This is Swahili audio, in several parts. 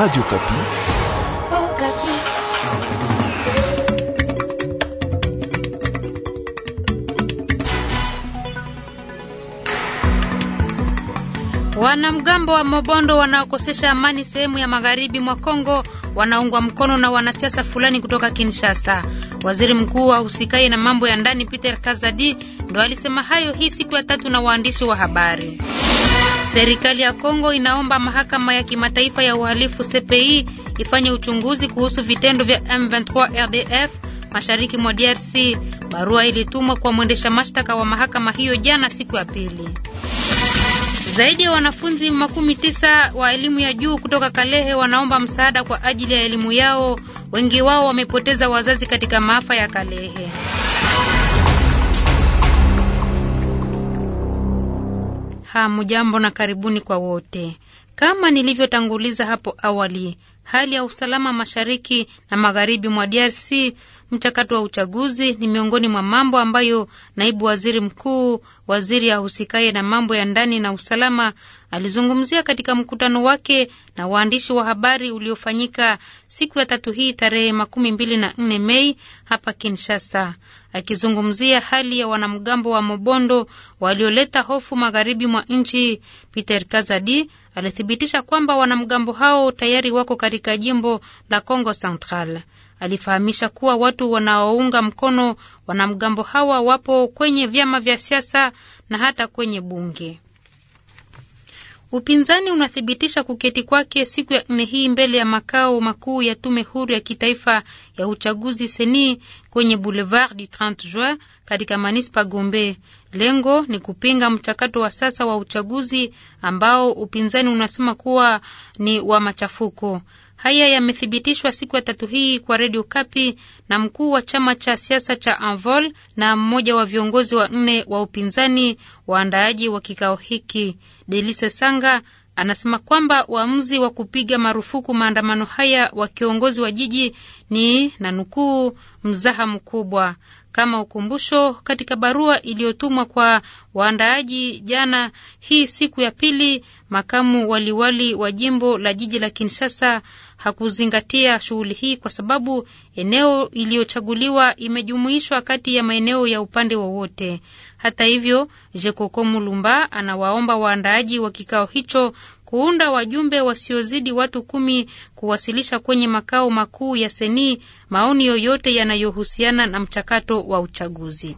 Radio Kapi. Oh, Kapi. Wanamgambo wa Mobondo wanaokosesha amani sehemu ya magharibi mwa Kongo wanaungwa mkono na wanasiasa fulani kutoka Kinshasa. Waziri mkuu wa usikai na mambo ya ndani Peter Kazadi ndo alisema hayo hii siku ya tatu na waandishi wa habari. Serikali ya Kongo inaomba mahakama ya kimataifa ya uhalifu CPI ifanye uchunguzi kuhusu vitendo vya M23 RDF mashariki mwa DRC. Barua ilitumwa kwa mwendesha mashtaka wa mahakama hiyo jana siku ya pili. Zaidi ya wanafunzi makumi tisa wa elimu ya juu kutoka Kalehe wanaomba msaada kwa ajili ya elimu yao. Wengi wao wamepoteza wazazi katika maafa ya Kalehe. hamjambo na karibuni kwa wote. Kama nilivyotanguliza hapo awali, hali ya usalama mashariki na magharibi mwa DRC, mchakato wa uchaguzi ni miongoni mwa mambo ambayo naibu waziri mkuu, waziri ahusikaye na mambo ya ndani na usalama Alizungumzia katika mkutano wake na waandishi wa habari uliofanyika siku ya tatu hii tarehe makumi mbili na nne Mei hapa Kinshasa, akizungumzia hali ya wanamgambo wa Mobondo walioleta hofu magharibi mwa nchi. Peter Kazadi alithibitisha kwamba wanamgambo hao tayari wako katika jimbo la Congo Central. Alifahamisha kuwa watu wanaounga mkono wanamgambo hawa wapo kwenye vyama vya siasa na hata kwenye bunge. Upinzani unathibitisha kuketi kwake siku ya nne hii mbele ya makao makuu ya tume huru ya kitaifa ya uchaguzi seni kwenye Boulevard du 30 Juin katika manispa Gombe. Lengo ni kupinga mchakato wa sasa wa uchaguzi ambao upinzani unasema kuwa ni wa machafuko. Haya yamethibitishwa siku ya tatu hii kwa redio Kapi na mkuu wa chama cha siasa cha Anvol na mmoja wa viongozi wa nne wa upinzani waandaaji wa kikao hiki Delise Sanga anasema kwamba uamuzi wa kupiga marufuku maandamano haya wa kiongozi wa jiji ni na nukuu, mzaha mkubwa. Kama ukumbusho, katika barua iliyotumwa kwa waandaaji jana hii siku ya pili, makamu waliwali wa jimbo la jiji la Kinshasa hakuzingatia shughuli hii kwa sababu eneo iliyochaguliwa imejumuishwa kati ya maeneo ya upande wowote. Hata hivyo, Jekoko Mulumba anawaomba waandaaji wa kikao hicho kuunda wajumbe wasiozidi watu kumi kuwasilisha kwenye makao makuu ya Seni maoni yoyote yanayohusiana na mchakato wa uchaguzi.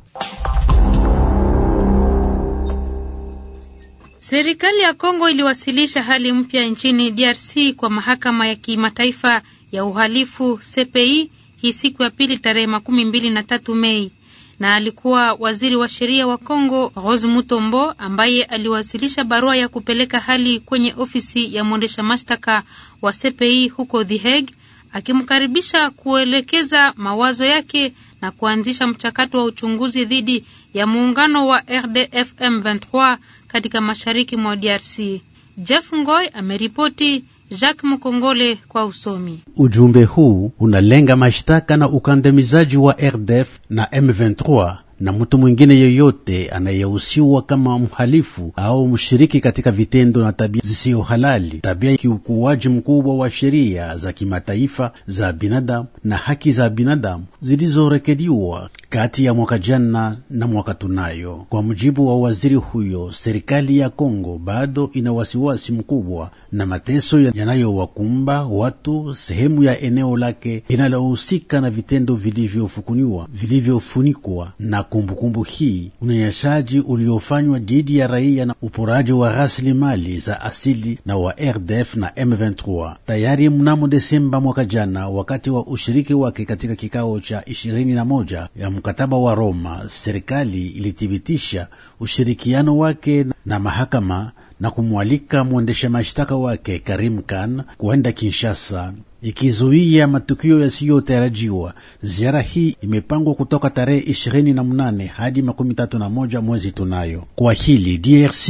Serikali ya Kongo iliwasilisha hali mpya nchini DRC kwa mahakama ya kimataifa ya uhalifu CPI hii siku ya pili tarehe makumi mbili na tatu Mei na alikuwa waziri wa sheria wa Kongo Rose Mutombo ambaye aliwasilisha barua ya kupeleka hali kwenye ofisi ya mwendesha mashtaka wa CPI huko The Hague akimkaribisha kuelekeza mawazo yake na kuanzisha mchakato wa uchunguzi dhidi ya muungano wa rdfm 23 katika mashariki mwa DRC. Jeff Ngoy ameripoti. Jacques Mukongole kwa usomi. Ujumbe huu unalenga mashtaka na ukandamizaji wa RDF na M23 na mtu mwingine yoyote anayehusiwa kama mhalifu au mshiriki katika vitendo na tabia zisiyo halali, tabia kiukuaji mkubwa wa sheria za kimataifa za binadamu na haki za binadamu zilizorekodiwa kati ya mwaka jana na mwaka tunayo. Kwa mujibu wa waziri huyo, serikali ya Kongo bado ina wasiwasi mkubwa na mateso yanayowakumba watu sehemu ya eneo lake linalohusika na vitendo vilivyofukuniwa vilivyofunikwa na kumbukumbu kumbu hii, unyanyasaji uliofanywa dhidi ya raia na uporaji wa rasilimali za asili na wa RDF na M23. Tayari mnamo Desemba mwaka jana, wakati wa ushiriki wake katika kikao cha 21 ya mkataba wa Roma, serikali ilithibitisha ushirikiano wake na mahakama na kumwalika mwendesha mashtaka wake Karim Khan kuenda Kinshasa, ikizuia matukio yasiyotarajiwa. Ziara hii imepangwa kutoka tarehe 28 hadi moja mwezi tunayo. Kwa hili DRC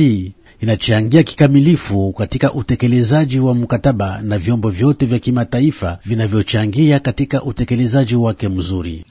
inachangia kikamilifu katika utekelezaji wa mkataba na vyombo vyote vya kimataifa vinavyochangia katika utekelezaji wake mzuri.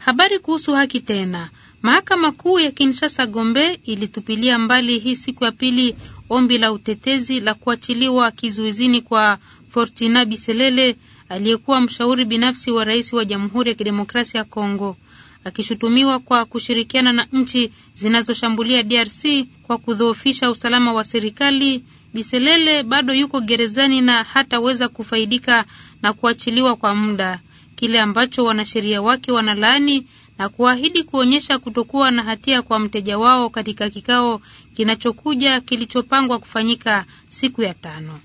Habari kuhusu haki tena. Mahakama Kuu ya Kinshasa Gombe ilitupilia mbali hii siku ya pili ombi la utetezi la kuachiliwa kizuizini kwa Fortina Biselele aliyekuwa mshauri binafsi wa rais wa Jamhuri ya Kidemokrasia ya Kongo akishutumiwa kwa kushirikiana na nchi zinazoshambulia DRC kwa kudhoofisha usalama wa serikali. Biselele bado yuko gerezani na hataweza kufaidika na kuachiliwa kwa muda kile ambacho wanasheria wake wanalaani na kuahidi kuonyesha kutokuwa na hatia kwa mteja wao katika kikao kinachokuja kilichopangwa kufanyika siku ya tano.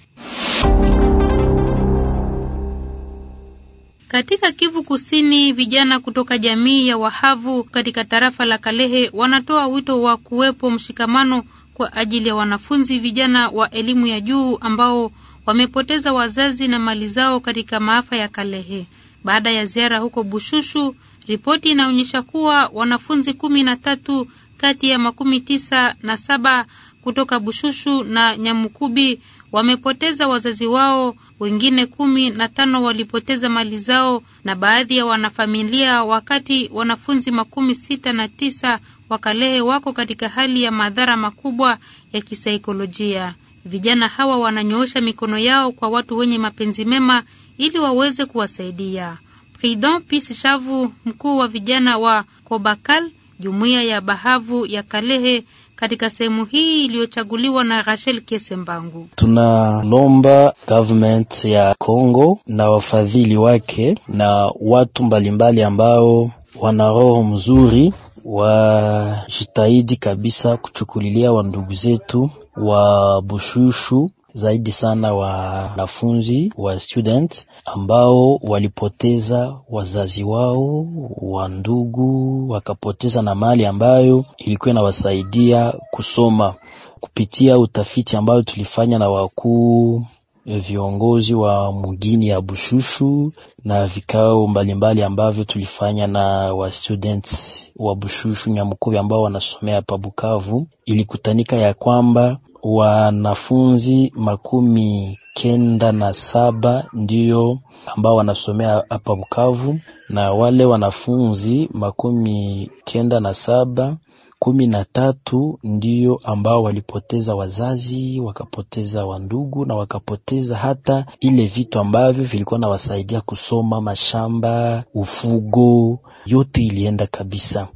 Katika Kivu Kusini, vijana kutoka jamii ya Wahavu katika tarafa la Kalehe wanatoa wito wa kuwepo mshikamano kwa ajili ya wanafunzi vijana wa elimu ya juu ambao wamepoteza wazazi na mali zao katika maafa ya Kalehe. Baada ya ziara huko Bushushu, ripoti inaonyesha kuwa wanafunzi kumi na tatu kati ya makumi tisa na saba kutoka Bushushu na Nyamukubi wamepoteza wazazi wao, wengine kumi na tano walipoteza mali zao na baadhi ya wanafamilia, wakati wanafunzi makumi sita na tisa wakalehe wako katika hali ya madhara makubwa ya kisaikolojia. Vijana hawa wananyoosha mikono yao kwa watu wenye mapenzi mema ili waweze kuwasaidia. Pridon Pis Shavu, mkuu wa vijana wa Kobakal, jumuiya ya Bahavu ya Kalehe katika sehemu hii iliyochaguliwa na Rachel Kesembangu, tunalomba government ya congo na wafadhili wake na watu mbalimbali ambao wana roho mzuri wajitahidi kabisa kuchukulilia wandugu zetu wa Bushushu zaidi sana wanafunzi wa student ambao walipoteza wazazi wao wa ndugu, wakapoteza na mali ambayo ilikuwa inawasaidia kusoma. Kupitia utafiti ambayo tulifanya na wakuu eh, viongozi wa mgini ya Bushushu na vikao mbalimbali ambavyo tulifanya na wa students wa Bushushu Nyamukubi ambao wanasomea pa Bukavu, ilikutanika ya kwamba wanafunzi makumi kenda na saba ndiyo ambao wanasomea hapa Bukavu, na wale wanafunzi makumi kenda na saba kumi na tatu ndiyo ambao walipoteza wazazi, wakapoteza wandugu na wakapoteza hata ile vitu ambavyo vilikuwa nawasaidia kusoma, mashamba, ufugo, yote ilienda kabisa.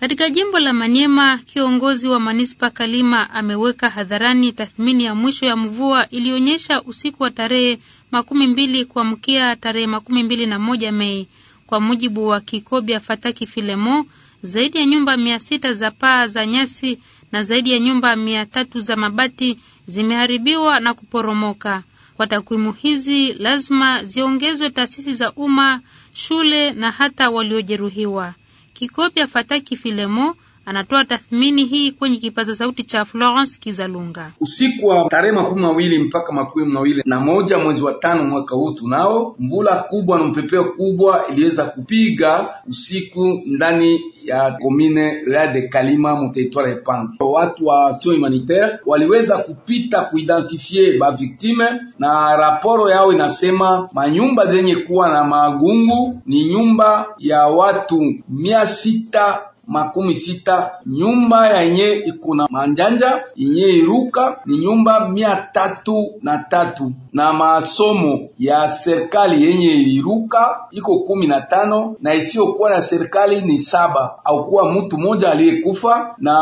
Katika jimbo la Manyema, kiongozi wa manispa Kalima ameweka hadharani tathmini ya mwisho ya mvua iliyonyesha usiku wa tarehe makumi mbili kuamkia tarehe makumi mbili na moja Mei. Kwa mujibu wa Kikobia Fataki Filemo, zaidi ya nyumba mia sita za paa za nyasi na zaidi ya nyumba mia tatu za mabati zimeharibiwa na kuporomoka. Kwa takwimu hizi, lazima ziongezwe taasisi za umma, shule na hata waliojeruhiwa. Kikopya Fataki Filemo Anatoa tathmini hii kwenye kipaza sauti cha Florence Kizalunga. Usiku wa tarehe makumi mawili mpaka makumi mawili na moja mwezi wa tano mwaka huu tunao mvula kubwa na mpepeo kubwa iliweza kupiga usiku ndani ya komine la de Kalima territoire Pange. Watu wa action humanitaire waliweza kupita kuidentifie baviktime, na raporo yao inasema manyumba zenye kuwa na magungu ni nyumba ya watu mia sita makumi sita. Nyumba yenye ikuna manjanja yenye iruka ni nyumba mia tatu na tatu na masomo ya serikali yenye iruka iko kumi na tano na isiyokuwa na serikali ni saba. Aukuwa mtu mmoja aliyekufa na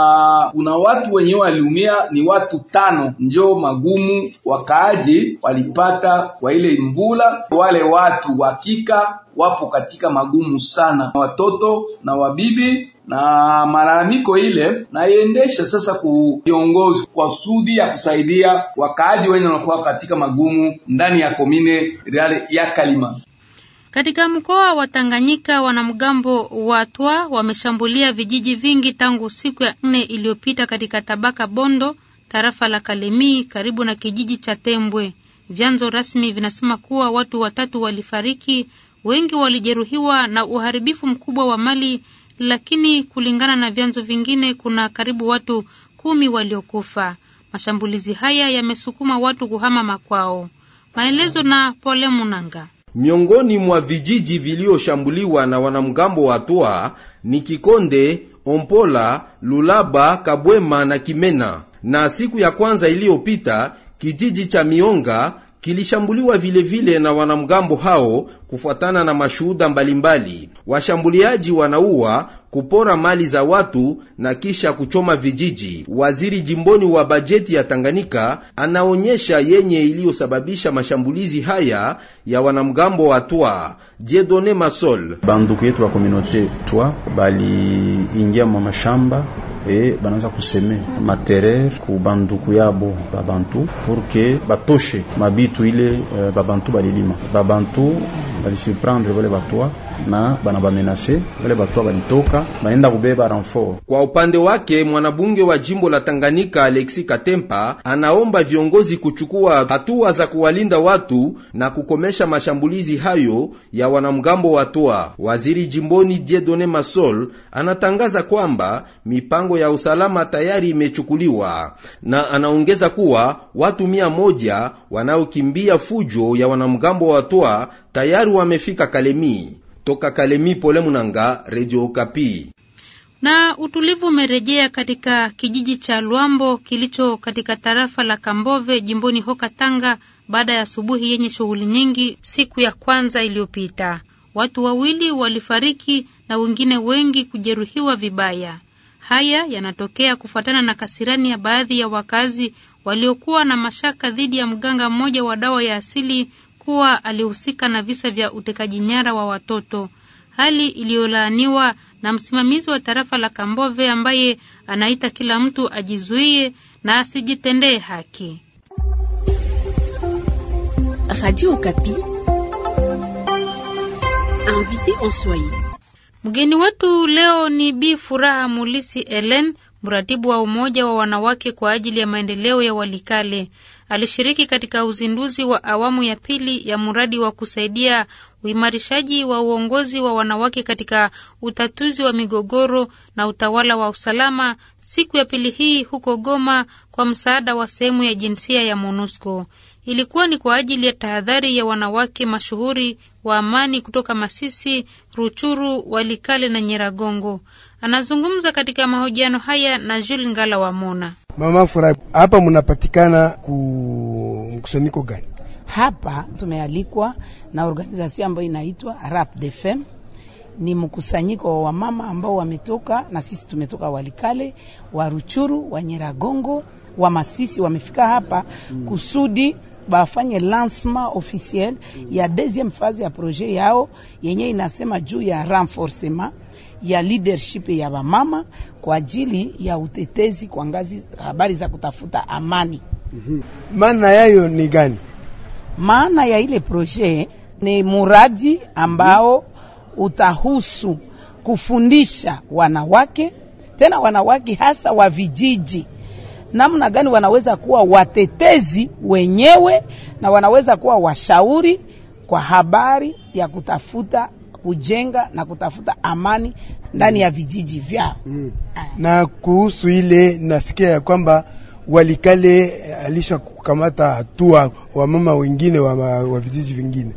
kuna watu wenye waliumia ni watu tano, njo magumu wakaaji walipata kwa ile mvula. Wale watu hakika wapo katika magumu sana, watoto na wabibi na malalamiko ile naiendesha sasa kuviongozi kwa sudi ya kusaidia wakaaji wenye wanakuwa katika magumu ndani ya komine reale ya Kalima. Katika mkoa wa Tanganyika wanamgambo wa twa wameshambulia vijiji vingi tangu siku ya nne iliyopita katika tabaka Bondo, tarafa la Kalemie, karibu na kijiji cha Tembwe. Vyanzo rasmi vinasema kuwa watu watatu walifariki, wengi walijeruhiwa na uharibifu mkubwa wa mali lakini kulingana na vyanzo vingine kuna karibu watu kumi waliokufa. Mashambulizi haya yamesukuma watu kuhama makwao. Maelezo na Pole Munanga. Miongoni mwa vijiji viliyoshambuliwa na wanamgambo wa Toa ni Kikonde, Ompola, Lulaba, Kabwema na Kimena. Na siku ya kwanza iliyopita kijiji cha Mionga kilishambuliwa vilevile vile na wanamgambo hao. Kufuatana na mashuhuda mbalimbali, washambuliaji wanaua, kupora mali za watu na kisha kuchoma vijiji. Waziri jimboni wa bajeti ya Tanganyika anaonyesha yenye iliyosababisha mashambulizi haya ya wanamgambo wa Twa. Jedone Masol: banduku yetu wa komunote Twa baliingia mwa mashamba e banaanza kuseme que ku banduku yabo babantu que batoshe mabitu ile uh, babantu balilima babantu balisurprendre batwa na bana bamenase wale batu balitoka kubeba renfort. Kwa upande wake mwanabunge wa jimbo la Tanganyika Alexi Katempa anaomba viongozi kuchukua hatua za kuwalinda watu na kukomesha mashambulizi hayo ya wanamgambo wa toa. Waziri jimboni Diedone Masol anatangaza kwamba mipango ya usalama tayari imechukuliwa na anaongeza kuwa watu mia moja wanaokimbia fujo ya wanamgambo wa toa tayari wamefika Kalemi. Toka Kalemi, Pole Munanga, Radio Okapi. Na utulivu umerejea katika kijiji cha Lwambo kilicho katika tarafa la Kambove jimboni Hoka Tanga baada ya asubuhi yenye shughuli nyingi siku ya kwanza iliyopita. Watu wawili walifariki na wengine wengi kujeruhiwa vibaya. Haya yanatokea kufuatana na kasirani ya baadhi ya wakazi waliokuwa na mashaka dhidi ya mganga mmoja wa dawa ya asili kuwa alihusika na visa vya utekaji nyara wa watoto, hali iliyolaaniwa na msimamizi wa tarafa la Kambove ambaye anaita kila mtu ajizuie na asijitendee haki. Mgeni wetu leo ni Bi Furaha Mulisi Ellen, mratibu wa umoja wa wanawake kwa ajili ya maendeleo ya Walikale alishiriki katika uzinduzi wa awamu ya pili ya mradi wa kusaidia uimarishaji wa uongozi wa wanawake katika utatuzi wa migogoro na utawala wa usalama siku ya pili hii huko Goma kwa msaada wa sehemu ya jinsia ya MONUSCO. Ilikuwa ni kwa ajili ya tahadhari ya wanawake mashuhuri wa amani kutoka Masisi, Ruchuru, Walikale na Nyiragongo. Anazungumza katika mahojiano haya na Jules Ngala wa Mona. Mama Furahi, hapa mnapatikana ku mkusanyiko gani? Hapa tumealikwa na organization ambayo inaitwa Rap de Femme. Ni mkusanyiko wa wamama ambao wametoka na sisi tumetoka Walikale, wa Ruchuru, wa wa Masisi wamefika hapa mm. kusudi bafanye lancement officiel ya mm. deuxième phase ya projet yao yenye inasema juu ya renforcement ya leadership ya wamama kwa ajili ya utetezi kwa ngazi habari za kutafuta amani. Mm -hmm. Maana yayo ni gani? Maana ya ile proje ni muradi ambao utahusu kufundisha wanawake tena wanawake hasa wa vijiji namna gani wanaweza kuwa watetezi wenyewe na wanaweza kuwa washauri kwa habari ya kutafuta kujenga na kutafuta amani ndani ya vijiji vyao. Mm. Ah. Na kuhusu ile nasikia ya kwamba Walikale eh, alisha kukamata hatua wa mama wengine wa, wa vijiji vingine.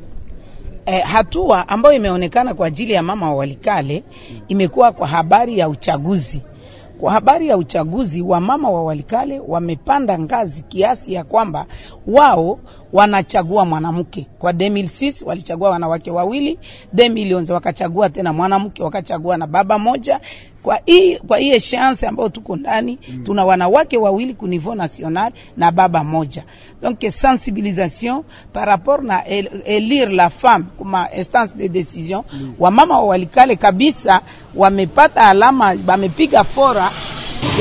E, hatua ambayo imeonekana kwa ajili ya mama wa Walikale mm. imekuwa kwa habari ya uchaguzi. Kwa habari ya uchaguzi, wamama wa Walikale wamepanda ngazi kiasi ya kwamba wao wanachagua mwanamke. Kwa 2006 walichagua wanawake wawili, 2011 wakachagua tena mwanamke, wakachagua na baba moja. Kwa hii kwa hii ambayo tuko ndani mm, tuna wanawake wawili ku niveau national na baba moja. Donc sensibilisation par rapport na elire la femme kuma instance de decision mm, wamama wa Walikale kabisa wamepata alama, wamepiga fora,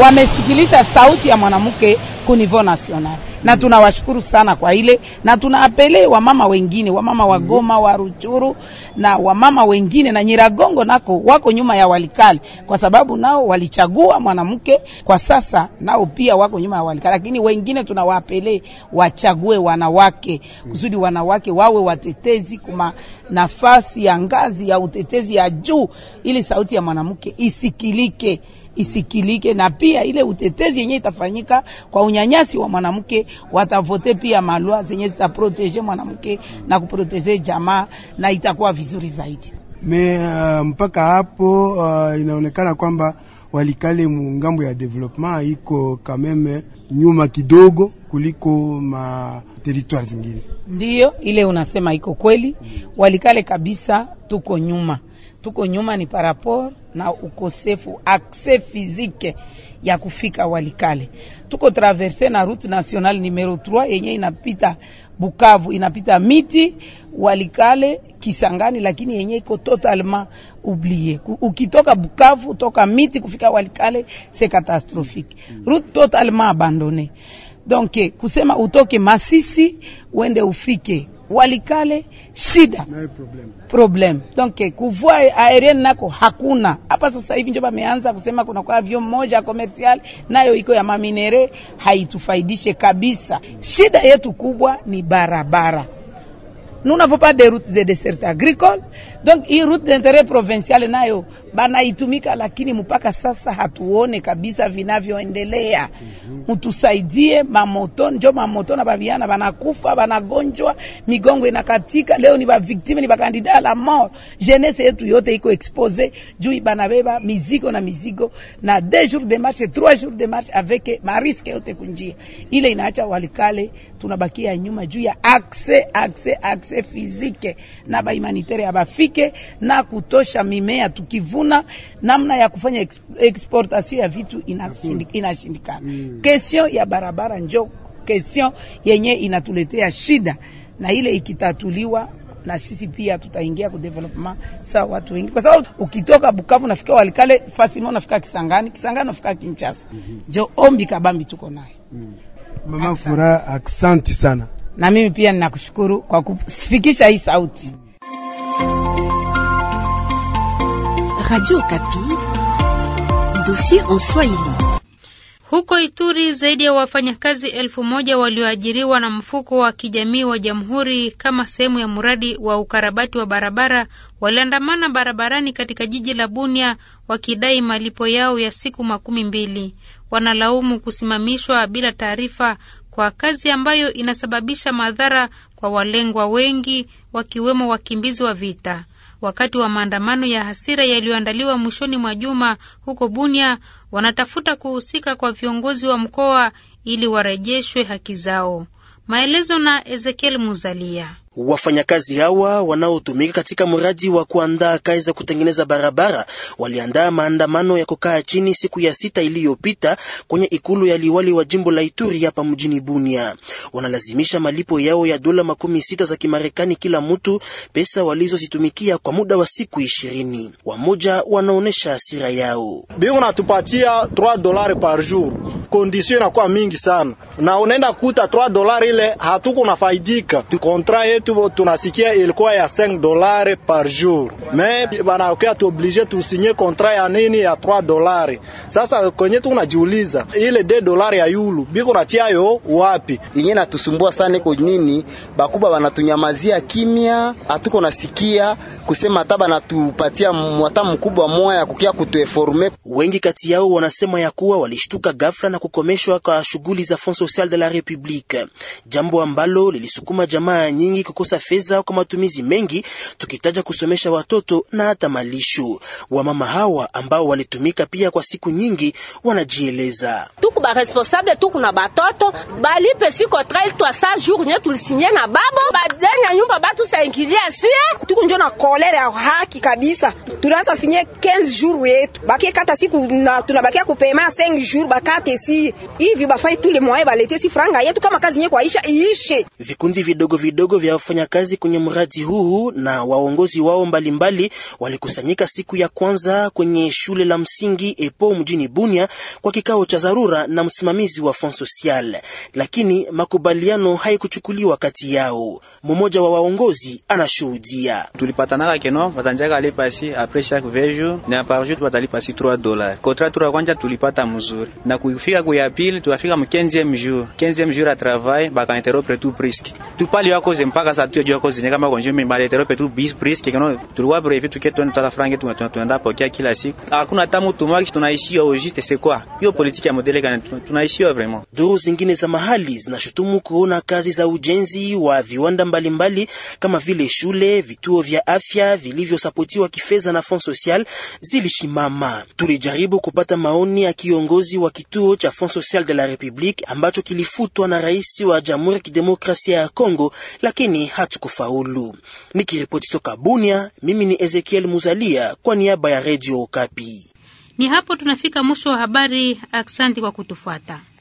wamesikilisha sauti ya mwanamke ku niveau national na tunawashukuru sana kwa ile, na tunaapele wamama wengine, wamama wa Goma, wa Ruchuru na wamama wengine na Nyiragongo nako wako nyuma ya Walikale, kwa sababu nao walichagua mwanamke. Kwa sasa nao pia wako nyuma ya Walikale, lakini wengine tunawaapele wachague wanawake kusudi wanawake wawe watetezi kuma nafasi ya ngazi ya utetezi ya juu, ili sauti ya mwanamke isikilike isikilike, na pia ile utetezi yenye itafanyika kwa unyanyasi wa mwanamke, watavote pia malwa zenye zitaproteje mwanamke na kuproteje jamaa, na itakuwa vizuri zaidi. Me uh, mpaka hapo uh, inaonekana kwamba walikale mungambo ya development iko kameme nyuma kidogo kuliko ma territoire zingine. Ndiyo ile unasema iko kweli, walikale kabisa tuko nyuma tuko nyuma ni parapor na ukosefu akse fizike ya kufika Walikale. Tuko traverse na route nationale numero 3 yenye inapita Bukavu, inapita miti Walikale Kisangani, lakini yenye iko totalement oublié. Ukitoka Bukavu toka miti kufika Walikale se catastrophique, mm. route totalement abandone Donc kusema utoke Masisi uende ufike Walikale shida problem. problem donc kuvua aerien nako hakuna hapa. Sasa hivi ndio bameanza kusema kuna kwa avion moja commercial nayo iko ya maminere, haitufaidishe kabisa. Shida yetu kubwa ni barabara. Nous n'avons pas de route de desserte agricole Donc hii route d'interet provincial nayo banaitumika, lakini mpaka sasa hatuone kabisa vinavyoendelea. Mhm. Mtusaidie mamoto, njo mamoto na babiana banakufa, banagonjwa, migongo inakatika. Leo ni baviktime, ni bakandida la mort. Jeunesse yetu yote iko expose juu banabeba mizigo na mizigo, na deux jours de marche, trois jours de marche avec mariske yote kunjia ile, inaacha walikale tunabakia nyuma juu ya accès accès accès physique na ba humanitaire abafiki itumike na kutosha mimea tukivuna, namna ya kufanya exportation ya vitu inashindikana. Mm. Kestion ya barabara njo kestion yenye inatuletea shida, na ile ikitatuliwa na sisi pia tutaingia ku development sawa watu wengi, kwa sababu ukitoka Bukavu nafika Walikale fasimo nafika Kisangani, Kisangani nafika Kinshasa. mm -hmm. Jo ombi kabambi tuko nayo. mm. Mama Furaha, asante sana, na mimi pia ninakushukuru kwa kufikisha hii sauti. mm. Radio Kapi, dossier en Swahili. Huko Ituri zaidi ya wafanyakazi elfu moja walioajiriwa na mfuko wa kijamii wa Jamhuri kama sehemu ya mradi wa ukarabati wa barabara waliandamana barabarani katika jiji la Bunia wakidai malipo yao ya siku makumi mbili. Wanalaumu kusimamishwa bila taarifa kwa kazi ambayo inasababisha madhara kwa walengwa wengi wakiwemo wakimbizi wa vita wakati wa maandamano ya hasira yaliyoandaliwa mwishoni mwa juma huko Bunia, wanatafuta kuhusika kwa viongozi wa mkoa ili warejeshwe haki zao. Maelezo na Ezekiel Muzalia. Wafanyakazi hawa wanaotumika katika mradi wa kuandaa kazi za kutengeneza barabara waliandaa maandamano ya kukaa chini siku ya sita iliyopita kwenye ikulu ya liwali wa jimbo la Ituri hapa mjini Bunia. Wanalazimisha malipo yao ya dola makumi sita za Kimarekani kila mtu, pesa walizozitumikia kwa muda wa siku ishirini. Wamoja wanaonyesha hasira yao. natupatia 3 dolari par jour, kondisio inakuwa mingi sana na unaenda kuta 3 dolari ile hatuko nafaidika kontra yetu tunasikia ilikuwa ya 5 dolari par jour, me banakuya tuoblige tusinye kontra ya nini ya 3 dolari. Sasa kwenye tunajiuliza ile 2 dolari ya yulu biko natia yo wapi? Yenye natusumbua sana iko nini, bakuba banatunyamazia kimya, hatuko nasikia kusema hata banatupatia mwata mkubwa moya kukia kutueforme. Wengi kati yao wanasema ya kuwa walishtuka ghafla na kukomeshwa kwa shughuli za Fond Social de la Republique, jambo ambalo lilisukuma jamaa nyingi kukosa fedha kwa matumizi mengi, tukitaja kusomesha watoto na hata malisho. Wamama hawa ambao walitumika pia kwa siku nyingi wanajieleza: tuko ba responsable, na batoto balipe siko trail sa jour nye tulisinye na babo nyumba batu saingilia sie njo na ya haki kabisa, 15 jours yetu bakie kata siku na tunabakia kupema 5 jours bakate si hivi bafai tule balete si franga yetu kama kazi nye kwaisha iishe vikundi vidogo vidogo vya wafanyakazi kwenye mradi huu na waongozi wao mbalimbali walikusanyika siku ya kwanza kwenye shule la msingi Epo mjini Bunia kwa kikao cha dharura na msimamizi wa Fond Social, lakini makubaliano haikuchukuliwa kati yao. Mmoja wa waongozi anashuhudia: tulipatanaka keno watanjaka apres chaque na 3 tura kwanja tulipata mzuri na kufika kuya pili tuafika a travail tupali mpaka atuye juu yako zine kama konjumi mbali tero petu bis priske kano tulikuwa brevi tuke tuende tala frange tunaenda pokea kila siku, hakuna tamu tumaki tunaishi yo juste c'est quoi hiyo politiki ya modele kana tunaishi yo oh, vraiment. Duru zingine za mahali zinashutumu kuona kazi za ujenzi wa viwanda mbalimbali mbali, kama vile shule, vituo vya afya vilivyosapotiwa kifedha na fond social zilishimama. Tulijaribu kupata maoni ya kiongozi wa kituo cha fond social de la republique ambacho kilifutwa na rais wa Jamhuri ya Kidemokrasia ya Kongo lakini lakini hatukufaulu. Nikiripoti toka Bunia, mimi ni Ezekiel Muzalia kwa niaba ya redio Kapi. Ni hapo tunafika mwisho wa habari. Aksanti kwa kutufuata.